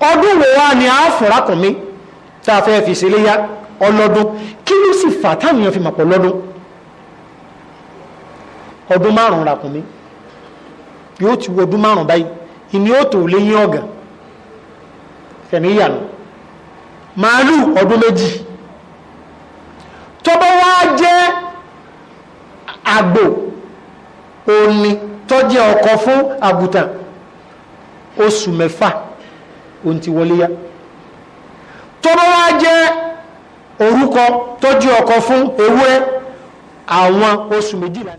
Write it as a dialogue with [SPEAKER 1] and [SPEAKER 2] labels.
[SPEAKER 1] ọdún wo wá ni a fún rákùnmí tá a fẹ́ fi ṣe léyá ọlọ́dún kí ló sì fà táwọn fi màpọ̀ lọ́dún ọdún márùn rákùnmí yóò ti wo ọdún márùn báyìí ìní ó tó léyìn ọ̀gàn fẹ̀mí ìyànà màálù ọdún méjì tọ́bọ̀ wá jẹ́ àgbò òní tọ́jẹ́ ọkọ̀ fún àgùtàn oṣù mẹ́fà òun ti wọlé yá tó bá wá jẹ́ orúkọ tọ́jú ọkọ fún ewúrẹ́ àwọn oṣù méjìlá